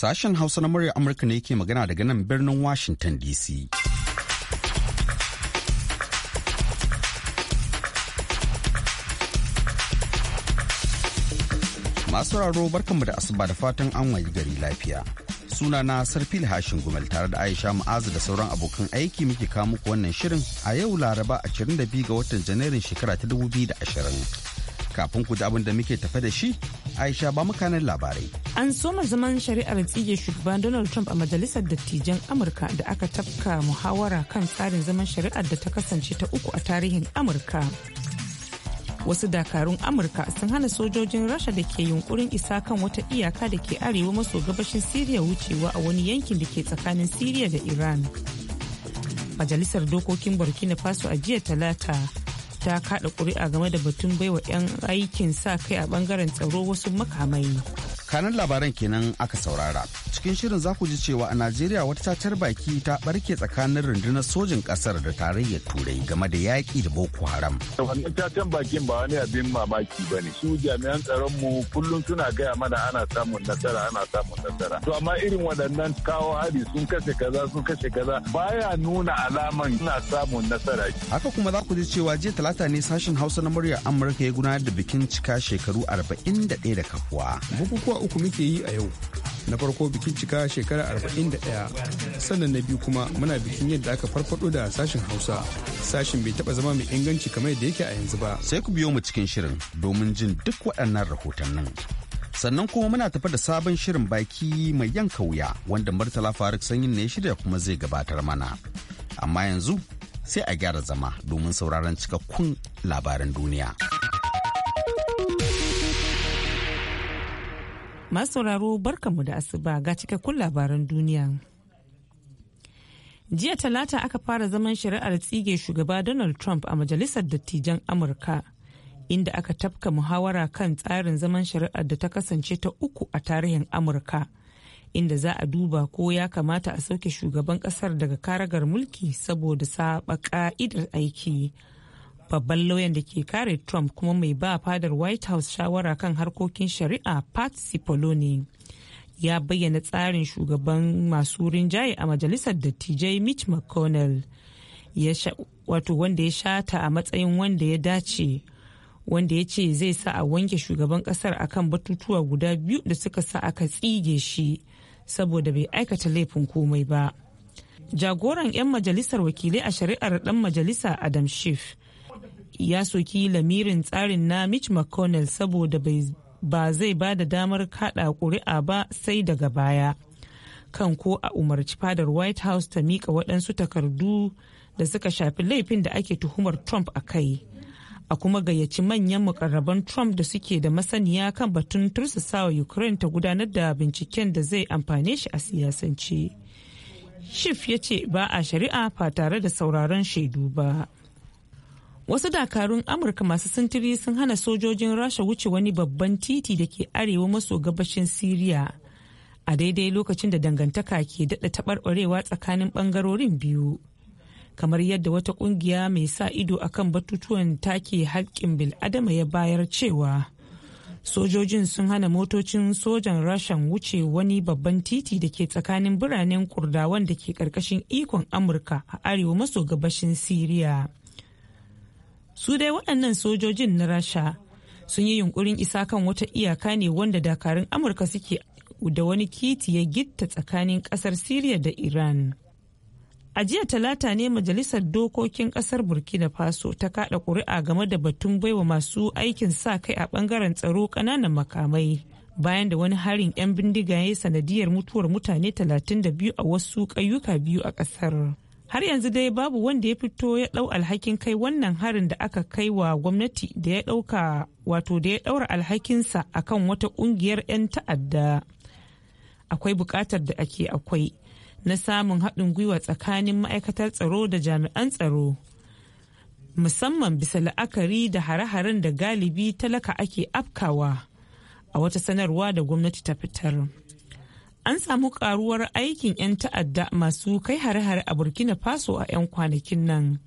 Sashen Hausa na murya Amurka ne ke magana daga nan birnin Washington DC. Masu raro barkanmu da asuba da fatan an wayi gari lafiya. Suna na Sarfil Hashin Gumel tare da Aisha Ma'azu da sauran abokan aiki muke kawo muku wannan shirin a yau Laraba 22 ga watan Janairun shekara ta 2020. kafin ku ji abin da muke tafe da shi aisha ba mukanin labarai an soma zaman shari'ar tsige shugaban donald trump a majalisar dattijan amurka da aka tafka muhawara kan tsarin zaman shari'ar da ta kasance ta uku a tarihin amurka wasu dakarun amurka sun hana sojojin rasha da ke yunkurin isa kan wata iyaka da ke arewa maso gabashin siriya wucewa a wani yankin da ke tsakanin siriya da iran majalisar dokokin burkina faso a jiya talata ta kada kuri'a game da batun baiwa 'yan aikin sa kai a bangaren tsaro wasu makamai. kanan labaran kenan aka saurara cikin shirin za ji cewa a najeriya wata tatar baki ta barke tsakanin rundunar sojin kasar da tarayyar turai game da yaƙi da boko haram wannan tatan bakin ba wani abin mamaki ba ne su jami'an tsaron mu kullum suna gaya mana ana samun nasara ana samun nasara to amma irin waɗannan kawo hari sun kashe kaza sun kashe kaza baya nuna alaman suna samun nasara haka kuma za ku ji cewa jiya talata ne sashen hausa na muryar amurka ya gudanar da bikin cika shekaru 41 da kafuwa bukukuwa uku muke yi a yau na farko bikin cika shekara 41 sannan na biyu kuma muna bikin yadda aka farfado da sashen hausa sashen bai taba zama mai inganci kamar yadda yake a yanzu ba sai ku biyo mu cikin shirin domin jin duk waɗannan rahoton nan sannan kuma muna tafi da sabon shirin baki mai yanka wuya wanda murtala faruk sanyin ne shirya kuma zai gabatar mana amma yanzu sai a gyara zama domin sauraron cikakkun labaran duniya. Masu sauraro barkanmu da asuba ga cikakkun labaran duniya. Jiya talata aka fara zaman shari'ar tsige shugaba Donald Trump a Majalisar Dattijan Amurka, inda aka tafka muhawara kan tsarin zaman shari'ar da ta kasance ta uku a tarihin Amurka, inda za a duba ko ya kamata a sauke shugaban kasar daga karagar mulki saboda saba ka'idar aiki. babban lauyan da ke kare trump kuma mai ba fadar white house shawara kan harkokin shari'a pat cipollone ya bayyana tsarin shugaban masu rinjaye a majalisar dattijai mitch mcconnell wato wanda ya shata a matsayin wanda ya dace wanda ya ce zai sa a wanke shugaban kasar akan batutuwa guda biyu da suka sa aka tsige shi saboda bai aikata laifin komai ba jagoran 'yan majalisar wakilai a shari'ar dan majalisa adam schiff ya soki lamirin tsarin na mitch mcconnell saboda ba zai ba da damar kada ƙuri'a ba sai daga baya kan ko a umarci fadar white house ta mika waɗansu takardu da suka shafi laifin da ake tuhumar trump a kai a kuma gayyaci manyan mukarraban trump da suke da masaniya kan batun wa ukraine ta gudanar da binciken da zai amfane shi a siyasance shif ya ce ba a shari'a ba tare da sauraron shaidu ba wasu dakarun amurka masu sintiri sun hana sojojin rasha wuce wani babban titi da ke arewa maso gabashin siriya a daidai lokacin da dangantaka ke daɗa taɓarɓarewa tsakanin ɓangarorin biyu kamar yadda wata ƙungiya mai sa ido akan batutuwan take haƙƙin bil'adama ya bayar cewa sojojin sun hana motocin sojan rashan wuce wani babban titi da ke tsakanin biranen kurdawan da ke ƙarƙashin ikon amurka a arewa maso gabashin siriya su dai waɗannan sojojin na rasha sun yi yunkurin isa kan wata iyaka ne wanda dakarun amurka suke da wani kiti ya gitta tsakanin ƙasar siriya da iran a jiya talata ne majalisar dokokin ƙasar burkina faso ta kaɗa ƙuri'a game da batun baiwa masu aikin sa kai a ɓangaren tsaro ƙananan makamai bayan da wani harin 'yan bindiga ya sanadiyar mutuwar mutane 32 a wasu ƙayyuka biyu a ƙasar. har yanzu dai babu wanda ya fito ya ɗau alhakin kai wannan harin da aka kai wa gwamnati da ya dauka wato da ya ɗaura alhakinsa akan wata kungiyar 'yan ta'adda akwai bukatar da ake akwai na samun haɗin gwiwa tsakanin ma'aikatar tsaro da jami'an tsaro musamman bisa la'akari da hare-haren da galibi talaka ake afkawa a wata sanarwa da gwamnati ta fitar. an samu karuwar aikin 'yan ta'adda masu kai hare-hare a burkina faso a 'yan kwanakin nan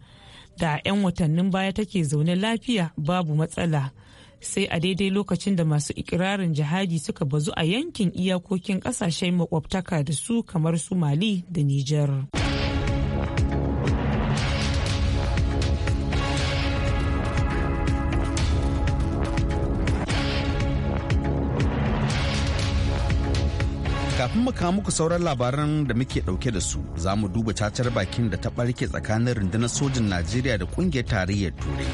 da 'yan watannin baya take zaune lafiya babu matsala sai a daidai lokacin da masu ikirarin jihadi suka bazu a yankin iyakokin kasashen makwabtaka da su kamar su mali da nijar. Kafin mu kawo muku sauran labaran da muke ɗauke da su, za mu duba cacar bakin da ta ɓarke tsakanin rundunar sojin Najeriya da ƙungiyar tarayyar Turai.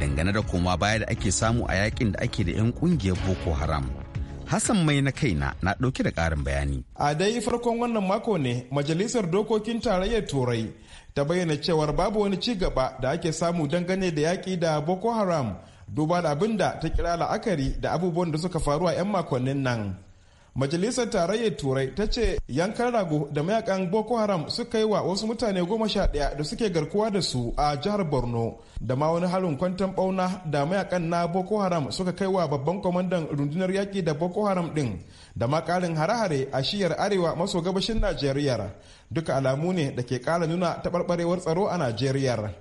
Dangane da koma baya da ake samu a yakin da ake da 'yan ƙungiyar Boko Haram. Hassan mai na kaina na ɗauke da ƙarin bayani. A dai farkon wannan mako ne Majalisar Dokokin Tarayyar Turai ta bayyana cewar babu wani ci gaba da ake samu dangane da yaki da Boko Haram duba da abinda ta kira la'akari da abubuwan da suka faru a 'yan makonnin nan. majalisar tarayyar turai ta ce yankan rago da mayakan boko haram suka yi wa wasu mutane goma sha ɗaya da suke garkuwa da su a jihar borno da ma wani harin kwantan bauna da mayakan na boko haram suka kai wa babban kwamandan rundunar yaƙi da boko haram ɗin da ma ƙarin hare-hare a shiyar arewa maso gabashin najeriya duka alamu ne da ke ƙara nuna taɓarɓarewar tsaro a najeriya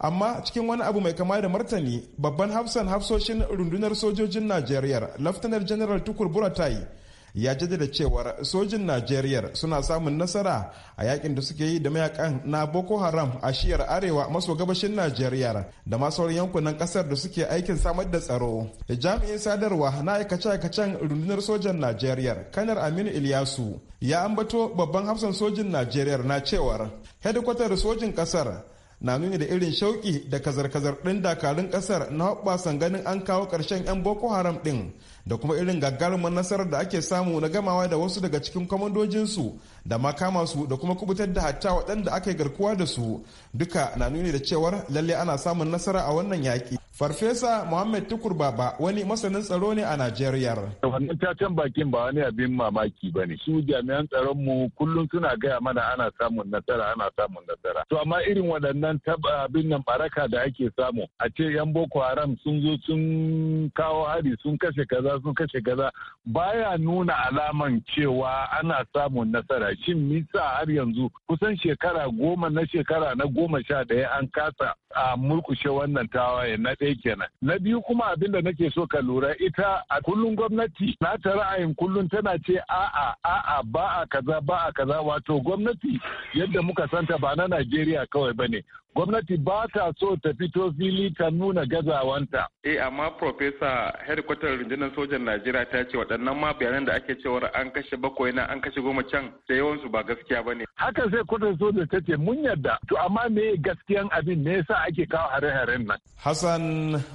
amma cikin wani abu mai kama da martani babban hafsan hafsoshin rundunar sojojin najeriya laftanar general tukur buratai ya jaddada cewar sojin najeriya suna samun nasara a yakin da suke yi da mayakan na boko haram a shiyar arewa maso gabashin najeriya da masu yankunan kasar da suke aikin samar da tsaro jami'in sadarwa na aikace-aikacen rundunar sojan najeriya kanar aminu ilyasu ya ambato babban hafsan sojin najeriya na cewar hedikwatar sojin kasar na nuni da irin shauki da kazar-kazar ɗin dakarun ƙasar na hoɓɓasan ganin an kawo ƙarshen 'yan boko haram ɗin da kuma irin gagarumin nasarar da ake samu na gamawa da wasu daga cikin kwamandojinsu da makama su da kuma kubutar da hatta waɗanda aka yi garkuwa da su duka na nuni da cewar lalle ana samun nasara a wannan yaƙi. Farfesa Muhammad Tukur Baba wani masanin tsaro ne a Najeriya. Wannan tacen bakin ba wani abin mamaki ba ne. Su jami'an tsaron mu kullum suna gaya mana ana samun nasara ana samun nasara. To amma irin waɗannan taba abin nan baraka da ake samu a ce 'yan Boko Haram sun zo sun kawo hari sun kashe kaza sun kashe gaza baya nuna alaman cewa ana samun nasara shin nisa har yanzu kusan shekara goma na shekara na goma sha ɗaya an kasa a murkushe wannan tawaye na ɗaya kenan na biyu kuma abin da nake so ka lura ita a kullum gwamnati na ta ra'ayin kullum tana ce a'a a'a ba a kaza ba a kaza wato gwamnati yadda muka santa ba na Najeriya kawai bane gwamnati ba ta so ta fito fili ta nuna gazawanta. Eh amma Profesa herikwatar rundunar sojan Najeriya ta ce waɗannan ma bayanan da ake cewar an kashe bakwai na an kashe goma can da yawansu ba gaskiya ba ne. Haka sai kwatar soja ta ce mun yarda to amma me gaskiyan abin ne yasa ake kawo hare-haren nan. Hassan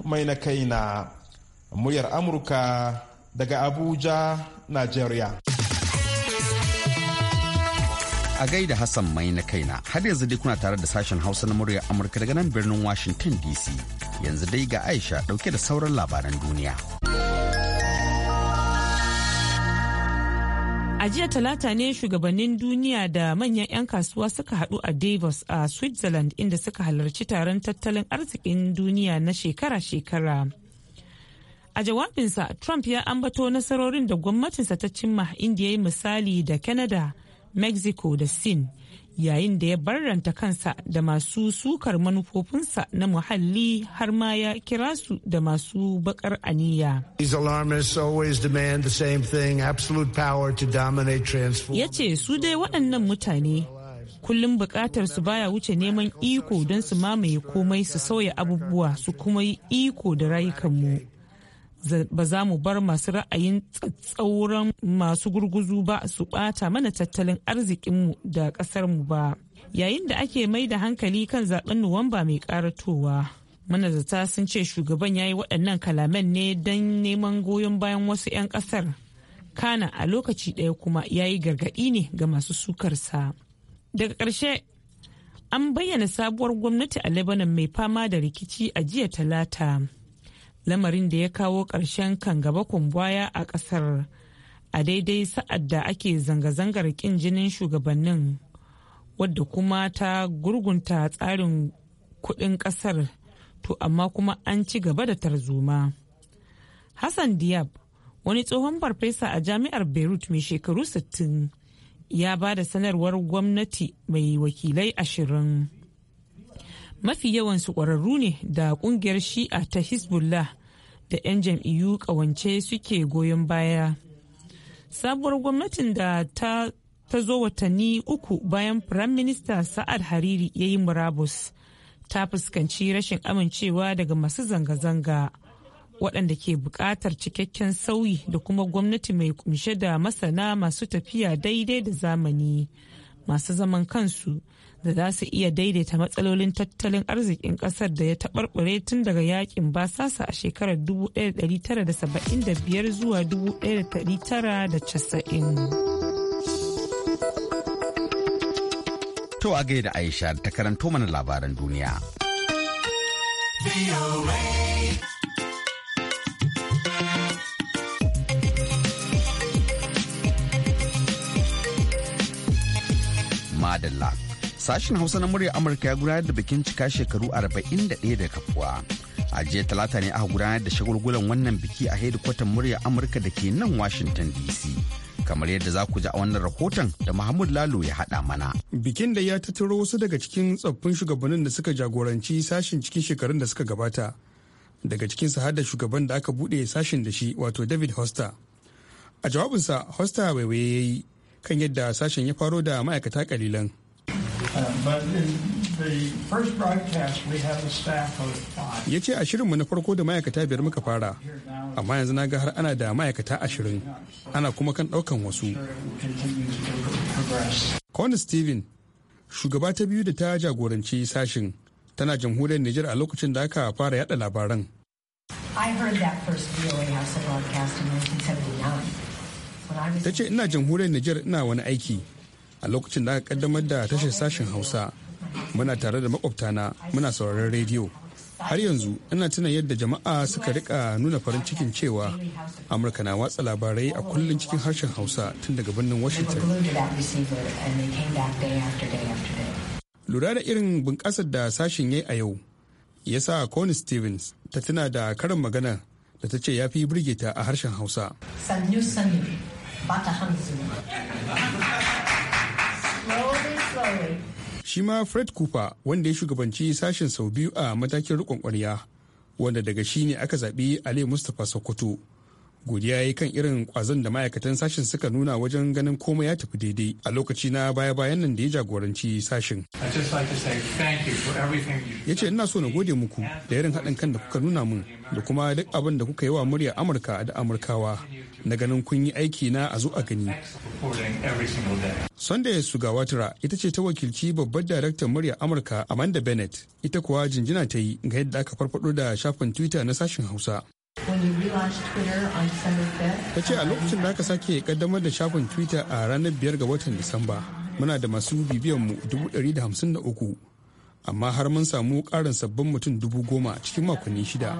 mai na kai na muryar Amurka daga Abuja, Najeriya. a gaida Hassan mai na kaina har yanzu dai kuna tare da sashen Hausa na muryar Amurka daga nan birnin Washington DC. Yanzu dai ga Aisha dauke da sauran labaran duniya. A jiya talata ne shugabannin duniya da manyan 'yan kasuwa suka hadu a Davos a Switzerland inda suka halarci taron tattalin arzikin duniya na shekara-shekara. A jawabinsa, Trump ya ambato nasarorin da gwamnatinsa ta cimma inda ya yi misali da Canada. mexico da sin yayin da ya barranta kansa da masu sukar manufofinsa na muhalli har ma ya kira su da masu bakar aniya. Ya ce su dai waɗannan mutane kullum buƙatar su baya wuce neman iko don su mamaye komai su sauya abubuwa su kuma yi iko da rayukanmu. ba za mu bar masu ra'ayin tsatsauran masu gurguzu ba su bata mana tattalin arzikinmu da ƙasarmu ba yayin da ake mai da hankali kan zaben nuwamba mai karatowa manazata sun ce shugaban ya yi waɗannan kalaman ne don neman goyon bayan wasu 'yan ƙasar kana a lokaci ɗaya kuma ya yi gargaɗi ne ga masu sukarsa daga ƙarshe an bayyana sabuwar gwamnati a lebanon mai fama da rikici a jiya talata lamarin da ya kawo ƙarshen kan gaba kumbaya a ƙasar a daidai sa'ad da ake zanga-zangar ƙin jinin shugabannin wadda kuma ta gurgunta tsarin kuɗin ƙasar to amma kuma an ci gaba da tarzoma. Hassan Diab wani tsohon farfesa a jami'ar Beirut mai shekaru 60 ya ba da sanarwar gwamnati mai wakilai ashirin. mafi yawan su ƙwararru ne da ƙungiyar shi'a ta hezbollah da 'yan jam'iyyu ƙawance suke goyon baya sabuwar gwamnatin da ta zo watanni uku bayan firayim minista sa'ad hariri ya yi murabus ta fuskanci rashin amincewa daga masu zanga-zanga waɗanda ke buƙatar cikakken sauyi da kuma gwamnati mai kumshe da masana masu tafiya daidai da zamani masu zaman kansu da za su iya daidaita matsalolin tattalin arzikin kasar da ya taɓarɓare tun daga yakin basasa a shekarar 1975 zuwa 1990. To a gaida Aisha ta karanto mana labaran duniya. Madalla. Sashen Hausa na murya Amurka ya gudanar da bikin cika shekaru 41 da kafuwa. A jiya talata ne aka gudanar da shagulgulan wannan biki a hedikwatan murya Amurka da ke nan Washington DC. Kamar yadda za ku ji a wannan rahoton da Mahmud Lalo ya haɗa mana. Bikin da ya tattaro wasu daga cikin tsoffin shugabannin da suka jagoranci sashen cikin shekarun da suka gabata. Daga cikin su da shugaban da aka bude sashen da shi wato David hosta A jawabinsa hosta waiwaye ya yi kan yadda sashen ya faro da ma'aikata kalilan. Uh, ya ce a shirinmu na farko da ma'aikata biyar muka fara amma yanzu na ga har ana da ma'aikata ashirin ana kuma kan ɗaukan wasu Connie Steven shugaba ta biyu da ta jagoranci sashin tana jamhuriyar Nijar a lokacin da aka fara yada labaran. Ta ce ina jamhuriyar Nijar ina wani aiki a lokacin da aka kaddamar da tashar sashen hausa muna tare da makwabtana muna sauraron rediyo har yanzu ina tuna yadda jama'a suka rika nuna farin cikin cewa amurka na watsa labarai a kullum cikin harshen hausa tun daga birnin washington lura da irin bunƙasar da sashen yayi a yau ya sa Connie Stevens ta tuna da karin magana da ta ce ya fi birgita a harshen Hausa. Shi ma Fred Cooper wanda ya shugabanci sashen sau biyu a matakin rikon kwarya wanda daga shi ne aka zaɓi Ali Mustapha Sokoto. Godiya ya kan irin kwazon da ma'aikatan sashen suka nuna wajen ganin komai ya tafi daidai a lokaci na baya-bayan nan da ya jagoranci sashen. Ya ce ina so na gode muku da irin haɗin kan da kuka nuna min da kuma duk abin da kuka yi wa murya Amurka da Amurkawa. na ganin kun yi aiki na a zo a gani. Sunday Sugawatra ita ce ta wakilci babbar daraktan murya Amurka Amanda Bennett ita kuwa jinjina ta yi ga yadda aka farfado da shafin Twitter na sashen Hausa. Ta ce a lokacin da aka sake kaddamar da shafin Twitter a ranar biyar ga watan Disamba muna da masu bibiyanmu uku amma har mun samu karin sabbin mutum dubu goma cikin makonni shida.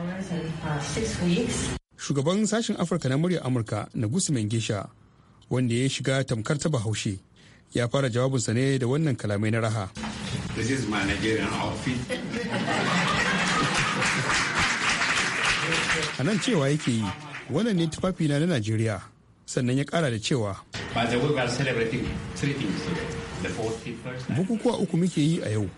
shugaban sashen afirka na murya amurka na gusu gesha wanda ya shiga tamkar ta bahaushe ya fara jawabinsa ne da wannan kalamai na raha a nan cewa yake yi wannan ne tufafina na najeriya sannan ya kara da cewa bukukuwa uku muke yi a yau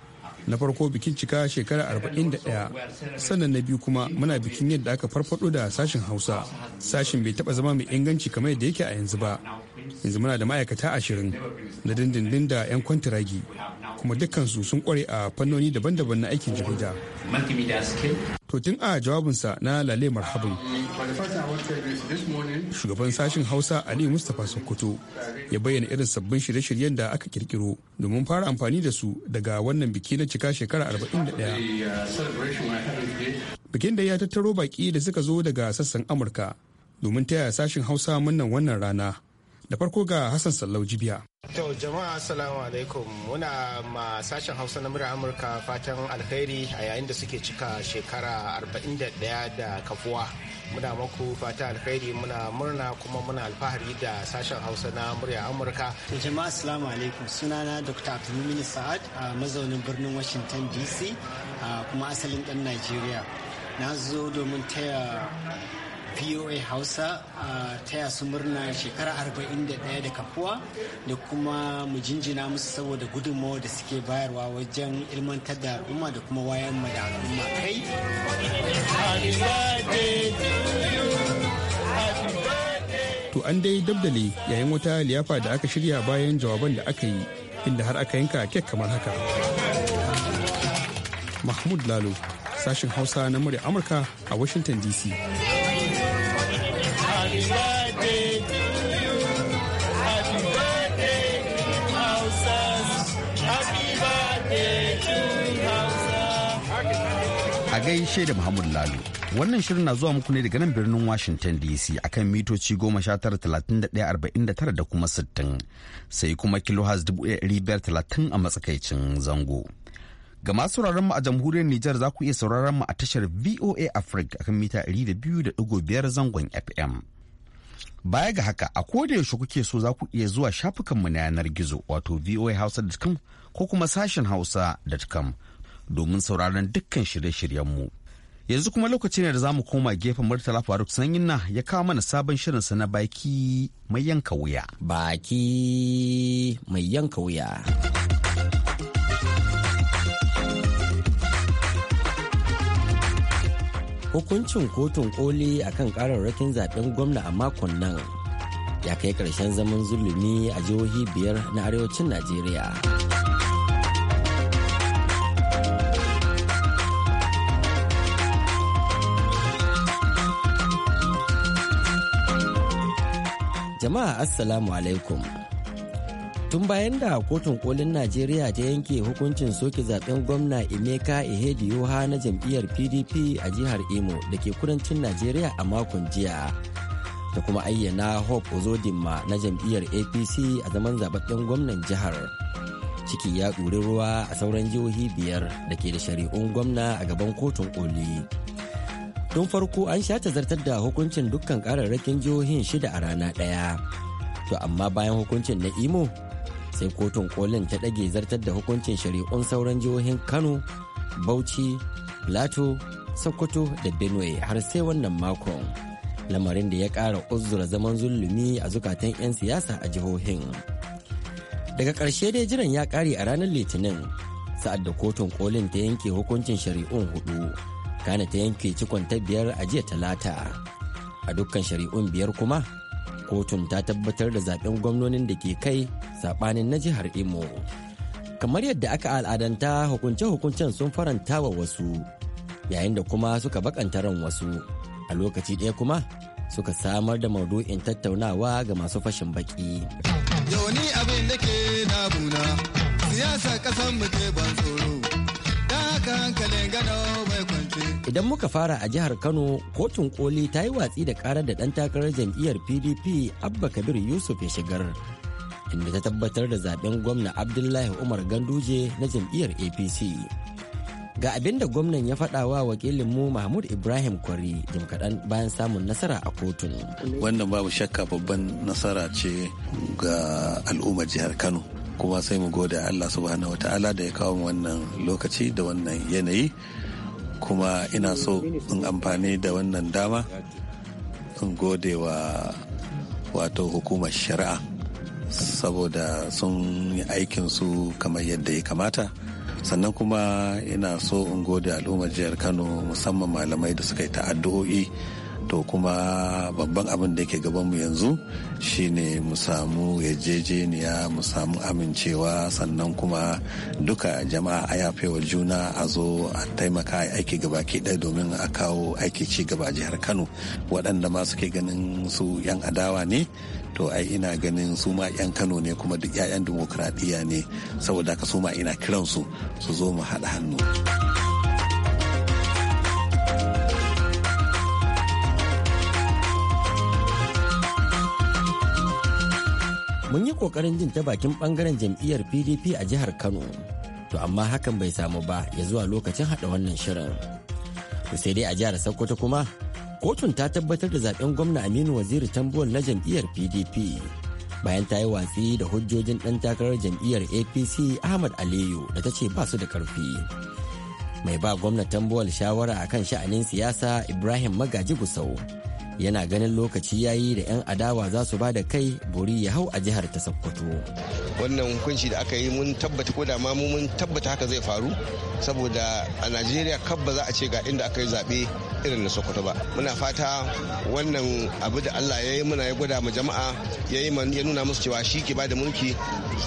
na farko bikin cika shekara arba'in da ɗaya sannan na biyu kuma muna bikin yadda aka farfado da sashen hausa sashen bai taɓa zama mai inganci kamar yadda yake a yanzu ba yanzu muna da ma'aikata ashirin da dindindin da 'yan kwantiragi kuma dukkansu sun kware a fannoni daban-daban na aikin jarida to tun a jawabinsa na lale marhabin shugaban sashen hausa ali mustapha sokoto ya bayyana irin sabbin shirye-shiryen da aka kirkiro domin fara amfani da su daga wannan biki na cika shekara 41 bikin da ya tattaro baki da suka zo daga sassan amurka domin taya sashen hausa munnan wannan rana da farko ga hassan sallau jibiya to jama'a assalamu alaikum muna ma sashen hausa na murar amurka fatan alkhairi a yayin da suke cika shekara 41 da kafuwa muna maku fata alkhairi muna murna kuma muna alfahari da sashen hausa na murya amurka to jama'a assalamu alaikum sunana dr Abdulmin sa'ad a mazaunin birnin washington dc kuma asalin dan najeriya na zo domin taya voa hausa a taya su murna shekara 41 da kafuwa da kuma mu jinjina musu saboda gudunmawa da suke bayarwa wajen ilmantar da al'umma da kuma wayan mu da al'umma kai to an dai dabdale yayin wata liyafa da aka shirya bayan jawaban da aka yi inda har aka yanka kek kamar haka mahmud lalo sashin hausa na murya amurka a washington dc gaishe da Muhammad Lalu. Wannan shirin na zuwa muku ne daga nan birnin Washington DC akan mitoci 19,31,49 da kuma 60 sai kuma kilohaz 1,530 a matsakaicin zango. Ga masu sauraron mu a jamhuriyar Nijar za ku iya sauraron mu a tashar VOA Africa akan mita 200.5 zangon FM. Baya ga haka a koda yaushe kuke so za ku iya zuwa shafukanmu na yanar gizo wato voahausa.com ko kuma sashen hausa.com domin sauraron dukkan shirye-shiryenmu. Yanzu kuma lokaci ne da za mu koma gefen Murtala Faruk Sanyinna ya kawo mana sabon shirinsa na baki mai yanka wuya. Baki mai yanka wuya. Hukuncin kotun koli akan kararrakin zaben gwamna a makon nan ya kai ƙarshen zaman zulumi a jihohi biyar na arewacin Najeriya. Jama'a Assalamu alaikum. Tun bayan da kotun kolin Najeriya ta yanke hukuncin soke zaben gwamna Emeka yoha na jam'iyyar PDP a jihar Imo da ke kudancin Najeriya a makon jiya. Da kuma ayyana Hope Ozodinma na jam'iyyar APC a zaman zaben gwamnan jihar. Ciki ya ɗuri ruwa a sauran jihohi biyar da ke da shari'un gwamna a gaban kotun koli. tun farko an sha ta zartar da hukuncin dukkan kararrakin jihohin shida a rana ɗaya to amma bayan hukuncin na imo sai kotun kolin ta ɗage zartar da hukuncin shari'un sauran jihohin kano bauchi plateau sokoto da benue har sai wannan makon lamarin da ya ƙara uzura zaman zulumi a zukatan 'yan siyasa a jihohin daga ƙarshe dai jiran ya ƙare a ranar litinin sa'ad da kotun kolin ta yanke hukuncin shari'un hudu kana ta yanke cikon ta biyar a jiya talata a dukkan shari'un biyar kuma kotun ta tabbatar da zaben gwamnonin da ke kai sabanin na jihar imo kamar yadda aka al'adanta hukunce-hukuncen sun faranta wa wasu yayin da kuma suka bakanta ran wasu a lokaci ɗaya kuma suka samar da maudu'in tattaunawa ga masu fashin baki yawani abin da ke siyasa mu ke ban tsoro ta haka hankalin gano idan muka fara a jihar kano kotun koli ta yi watsi da karar da ɗan takarar jam'iyyar pdp abba kabir yusuf ya shigar inda ta tabbatar da zaben gwamna abdullahi umar ganduje na jam'iyyar apc ga abin da gwamnan ya faɗa wa wakilinmu mahmud ibrahim kwari jim kaɗan bayan samun nasara a kotun wannan babu shakka babban nasara ce ga al'ummar jihar kano kuma sai mu gode allah subhanahu wataala da ya kawo wannan lokaci da wannan yanayi kuma ina so in amfani da wannan dama in gode wa wato hukumar shari'a saboda sun yi aikinsu kamar yadda ya kamata sannan kuma ina so in gode al'ummar jihar kano musamman malamai da suka yi ta'addu'o'i to kuma babban abin da yake mu yanzu shine mu samu yarjejeniya mu samu amincewa sannan kuma duka jama'a a yafewa juna a zo a taimaka a aiki gaba ke ɗaya domin a kawo aiki ci gaba jihar kano waɗanda ma suke ganin su 'yan adawa ne to ai ina ganin su ma 'yan kano ne kuma duk 'ya'yan dimokuraɗiyya ne saboda ka su ma ina kiransu su zo mu haɗa hannu. mun yi kokarin jin ta bakin bangaren jam'iyyar pdp a jihar kano to amma hakan bai samu ba ya zuwa lokacin hada wannan shirin to sai dai a jihar sokoto kuma kotun ta tabbatar da zaben gwamna aminu waziri tambuwal na jam'iyyar pdp bayan ta yi watsi da hujjojin ɗan takarar jam'iyyar apc ahmad aliyu da ta ce ba su da karfi mai ba gwamna tambuwal shawara akan sha'anin siyasa ibrahim magaji gusau yana ganin lokaci yayi da 'yan adawa za su ba da kai bori ya hau a jihar ta sokoto wannan hukunci da aka yi mun tabbata ko da ma mun tabbata haka zai faru saboda a najeriya kabba za a ce ga inda aka yi zaɓe irin na sokoto ba muna fata wannan abu da allah ya yi muna ya gwada mu jama'a ya yi ya nuna musu cewa shi ke ba da mulki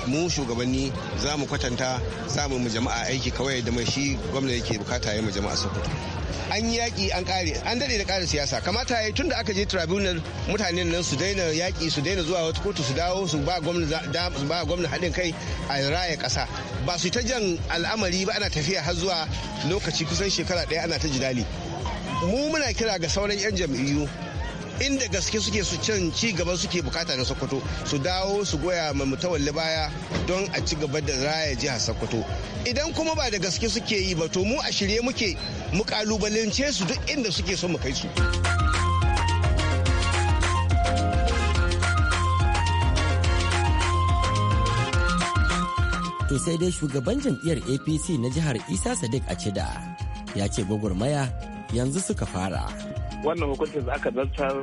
mu shugabanni za mu kwatanta za mu mu jama'a aiki kawai da mai shi gwamna yake bukata ya mu jama'a sokoto an yi yaƙi an ƙare an daɗe da ƙare siyasa kamata ya tun da aka je tribunal mutanen nan su daina yaƙi su daina zuwa wata kotu su dawo su ba gwamna haɗin kai a raya ƙasa ba su ta jan al'amari ba ana tafiya har zuwa lokaci kusan shekara ɗaya ana ta jidali mu muna kira ga sauran 'yan jam'iyyu inda gaske suke su can ci gaba suke bukata na sokoto su dawo su goya ma mutawalli baya don a ci gaba da raya jihar sokoto idan kuma ba da gaske suke yi ba to mu a shirye muke mu kalubalance su duk inda suke so mu kai su to sai dai shugaban jam'iyyar apc na jihar isa sadiq a da ya ce gwagwarmaya yanzu suka fara. Wannan hukuncin da aka zartar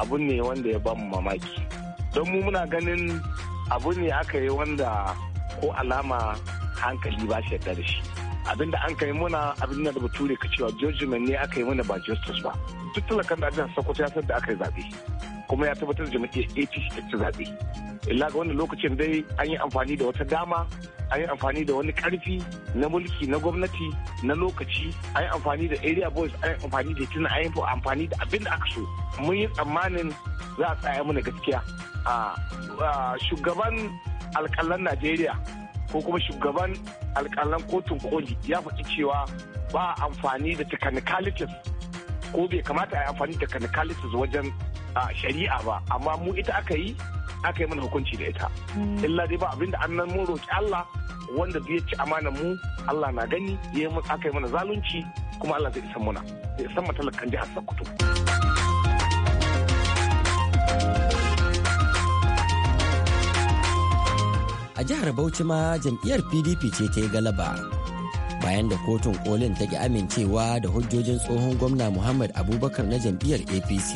abu ne wanda ya bamu mamaki. Don mu muna ganin abu ne aka yi wanda ko alama hankali ba shi da shi. abinda an kai muna abin da bature ka cewa judgment ne aka yi mana ba justice ba duk talakan da ajiyar sokoto ya san da aka yi zaɓe kuma ya tabbatar da jam'iyyar APC ta zaɓe. Illa ga wannan lokacin dai an yi amfani da wata dama an yi amfani da wani karfi na mulki na gwamnati na lokaci an yi amfani da area boys an yi amfani da tuna an yi amfani da abin da aka so mun yi tsammanin za a tsaya mana gaskiya a shugaban alkalan najeriya ko kuma shugaban alkalan kotun koli ya faɗi cewa ba amfani da technicalities ko bai kamata a yi amfani da technicalities wajen a shari'a ba amma mu ita aka yi aka yi mana hukunci da ita hmm. illa dai ba abinda nan mun roki Allah wanda zai ci amanar mu Allah na gani ya yi aka yi mana zalunci kuma Allah zai san muna zai san matalakan jihar Sokoto. A jihar Bauchi ma jam'iyyar PDP ce ta yi galaba bayan da kotun kolin ta ki amincewa da hujjojin tsohon gwamna Muhammad Abubakar na jam'iyyar APC.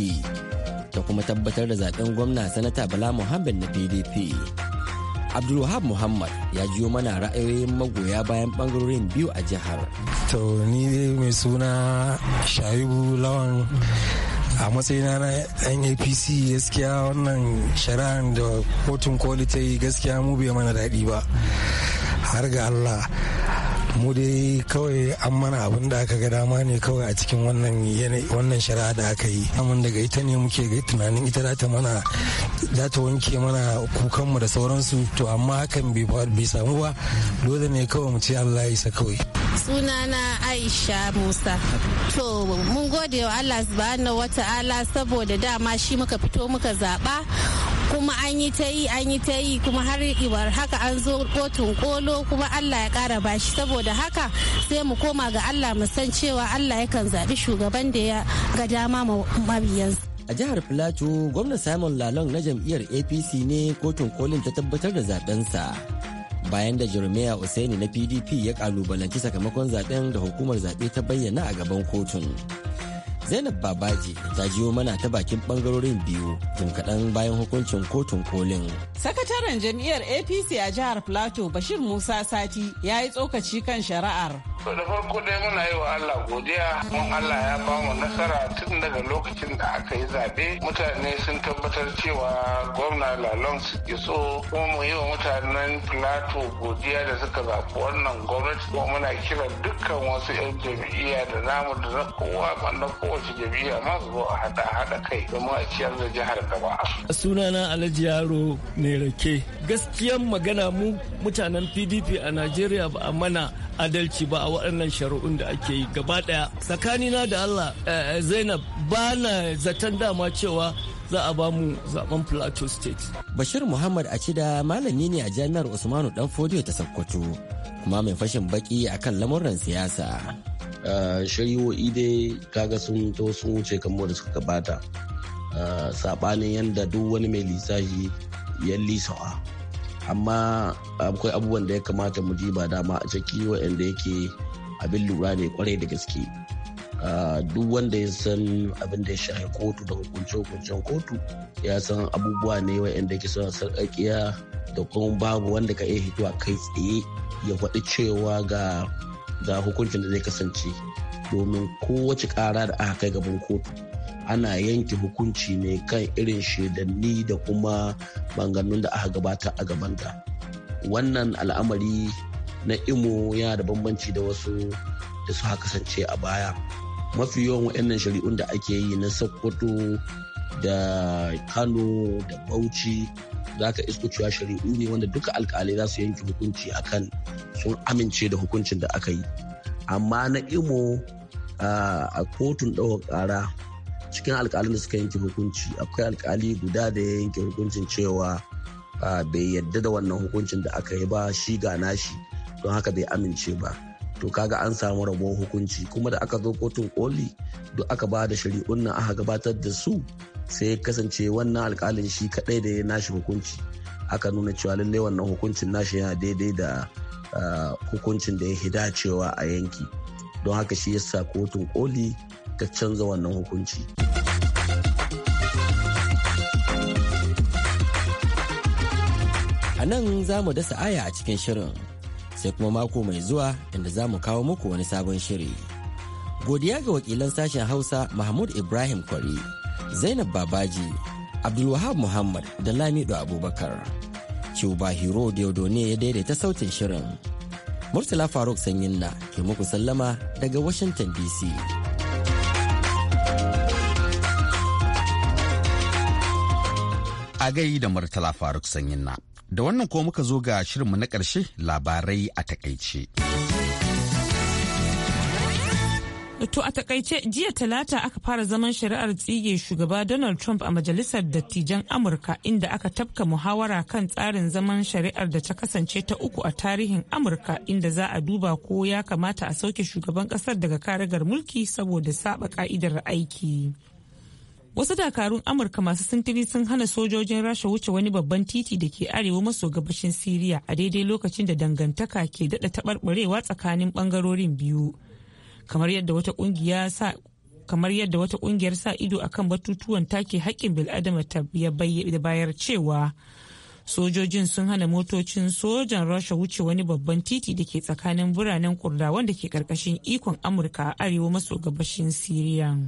ta kuma tabbatar da zaben gwamna sanata bala muhammad na pdp abdulwahab muhammad ya jiyo mana ra'ayoyin magoya bayan bangarorin biyu a jihar to ni mai suna shaibu lawan a matsayina na yan apc gaskiya wannan shari'ar da kotun koli ta yi gaskiya mu bai mana daɗi ba har ga allah mu dai kawai an mana abin da aka ga dama ne kawai a cikin wannan shari'a da aka yi amin daga ita ne muke ga tunanin ita za ta mana za ta wanke mana kukanmu da sauransu to amma hakan bai samu ba dole ne kawai mu ce Allah ya isa kawai sunana aisha musa to mun gode wa allah wata wata'ala saboda dama shi muka fito muka zaba kuma an yi ta yi an yi ta yi kuma har ibar haka an zo kotun kolo kuma allah ya kara bashi saboda haka sai mu koma ga allah mu san cewa allah yakan zaɓi shugaban da ya ga dama mabiyansa a jihar filato gwamna simon lalong na jam'iyyar apc ne kotun kolin ta tabbatar da zabensa bayan da jeremiah hussaini na pdp ya kalubalanci sakamakon zaben da hukumar zaɓe ta bayyana a gaban kotun Zainab Babaji ta jiyo mana ta bakin bangarorin biyu tun kaɗan bayan hukuncin kotun kolin. Sakataren jam'iyyar APC a jihar Plateau Bashir Musa Sati ya yi tsokaci kan shari'ar So da farko dai muna yi wa Allah godiya mun Allah ya ba mu nasara tun daga lokacin da aka yi zaɓe mutane sun tabbatar cewa gwamna ke so kuma mu yi wa mutanen plato godiya da suka zaɓi wannan gwamnati kuma muna kiran dukkan wasu 'yan jam'iyya da namu da na kowa na kowace jam'iyya ma su zo a haɗa haɗa kai domin a ciyar da jihar gaba. Sunana Alhaji Yaro ne rake gaskiyan magana mu mutanen PDP a Najeriya ba a mana adalci ba a waɗannan shari'un da ake yi gaba ɗaya tsakanina da allah eh, eh, zainab ba na zaton dama cewa za a ba mu zaben plateau state bashir muhammad a acida malami ne a jami'ar usmanu dan fodiyo ta sokoto kuma mai fashin baki akan lamuran siyasa eh, shari'o'i dai kaga sun to sun wuce kamar da suka gabata saɓanin yadda duk wani mai lissafi ya lisawa amma akwai abubuwan da ya kamata mu ji ba dama a ciki waɗanda yake abin lura ne kwarai da gaske duk wanda ya san abin da ya shahi kotu da hukunce-hukuncen kotu ya san abubuwa ne wa'anda ke suna sarƙaƙiya da kuma babu wanda ka iya a kai tsaye ya faɗi cewa ga hukuncin da zai kasance domin kowace ƙara da aka kai gaban kotu ana yanke hukunci ne kan irin shaidanni da kuma banganun da aka gabata a gabanta wannan al'amari na imo yana da bambanci da wasu da su kasance a baya mafi yawan waɗannan shari'un da ake yi na sokoto da kano da bauchi za ka isko cewa shari'u ne wanda duka alkalai za su yanke hukunci akan sun amince da hukuncin da aka yi amma na imo a kotun ɗaukar ƙara cikin alkalin da suka yanke hukunci akwai alkali guda da ya yanke hukuncin cewa bai yadda da wannan hukuncin da aka yi ba shi ga nashi don haka bai amince ba to kaga an samu rabon hukunci kuma da aka zo kotun koli duk aka ba da shari'un nan aka gabatar da su sai kasance wannan alkalin shi kadai da ya nashi hukunci aka nuna cewa lallai wannan hukuncin nashi yana daidai da ah, hukuncin da ya hida cewa a yanki don haka shi ya sa kotun koli ta canza wannan hukunci. A nan za mu dasa aya a cikin shirin. sai kuma mako mai zuwa inda za mu kawo muku wani sabon shiri. Godiya ga wakilan sashen Hausa Mahmud Ibrahim Kwari, Zainab Babaji, Abdulwahab Muhammad da Lamido Abubakar. Cuba Hero ne ya daidaita sautin shirin. Murtala Faruk Sanyinna ke muku sallama daga Washington DC. A gai da Murtala Faruk Sanyinna. Da wannan ko muka zo ga shirinmu na ƙarshe labarai a takaice. To a takaice jiya talata aka fara zaman shari'ar tsige shugaba Donald Trump a majalisar dattijan Amurka inda aka tafka muhawara kan tsarin zaman shari'ar da ta kasance ta uku a tarihin Amurka inda za a duba ko ya kamata a sauke shugaban kasar daga karagar mulki saboda saba ka'idar aiki. Wasu dakarun Amurka masu sintiri sun hana sojojin Rasha wuce wani babban titi da ke arewa maso gabashin Siriya a daidai lokacin da dangantaka ke daɗa taɓarɓarewa tsakanin ɓangarorin biyu. Kamar yadda wata ƙungiya sa kamar yadda wata kungiyar sa ido akan batutuwan take haƙƙin bil'adama ta bayar cewa sojojin sun hana motocin sojan rasha wuce wani babban titi da ke tsakanin biranen kurdawan da ke karkashin ikon amurka a arewa maso gabashin siriya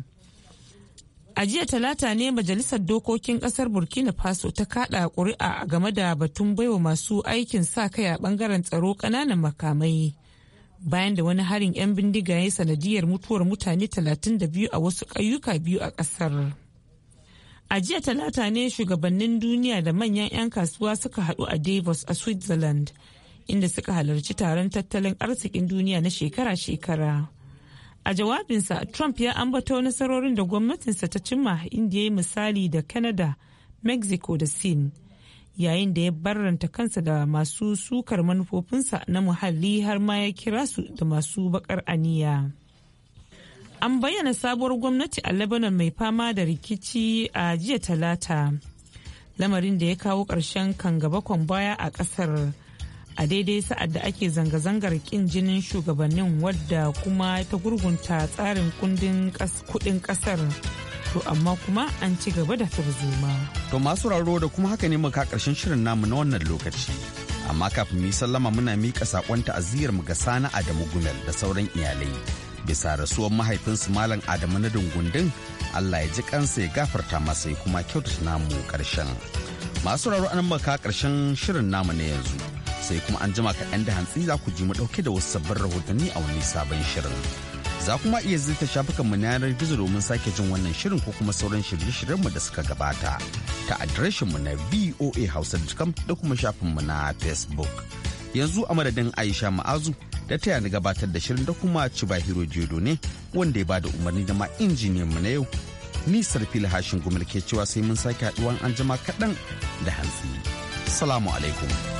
A jiya talata ne majalisar dokokin kasar Burkina Faso ta kada kuri'a game da batun baiwa masu aikin sa kai a bangaren tsaro kananan makamai. Bayan da wani harin 'yan bindiga ya sanadiyar mutuwar mutane 32 a wasu ƙauyuka biyu a ƙasar. A jiya talata ne shugabannin duniya da manyan 'yan kasuwa suka haɗu a Davos a Switzerland, inda suka halarci taron tattalin arzikin duniya na shekara-shekara. A jawabinsa, Trump ya ambato nasarorin da gwamnatinsa ta cimma inda ya yi misali da Canada, Mexico da Sin, yayin da ya barranta kansa da masu sukar manufofinsa na muhalli har ma ya kira su da masu bakar aniya. An bayyana sabuwar gwamnati a Lebanon mai fama da rikici a jiya talata. Lamarin da ya kawo ƙarshen kan gaba baya a ƙasar. a daidai sa'ad da ake zanga-zangar kin jinin shugabannin wadda kuma ta gurgunta tsarin kundin kudin kasar to amma kuma an ci gaba da tarzoma. To masu raro da kuma haka ne muka karshen shirin namu na wannan lokaci. Amma kafin mu sallama muna miƙa saƙon ta'aziyar mu ga Sani Adamu Gumel da sauran iyalai. Bisa rasuwar mahaifinsu Malam Adamu na dungundun Allah ya ji kansa ya gafarta masa ya kuma kyautata namu karshen Masu raro an maka karshen shirin namu na yanzu. sai kuma an jima kaɗan da hantsi za ku ji mu ɗauke da wasu sabbin rahotanni a wani sabon shirin. Za kuma iya zita mu na yanar gizo domin sake jin wannan shirin ko kuma sauran shirye mu da suka gabata ta mu na hausa da da kuma shafin mu na Facebook. Yanzu a madadin Aisha Ma'azu da ta yana gabatar da shirin da kuma Chibahiro Jodo ne wanda ya bada umarni da ma mu na yau. Ni Sarfila Hashin Gumar ke cewa sai mun sake haɗuwan an jima kaɗan da hantsi. Salamu alaikum.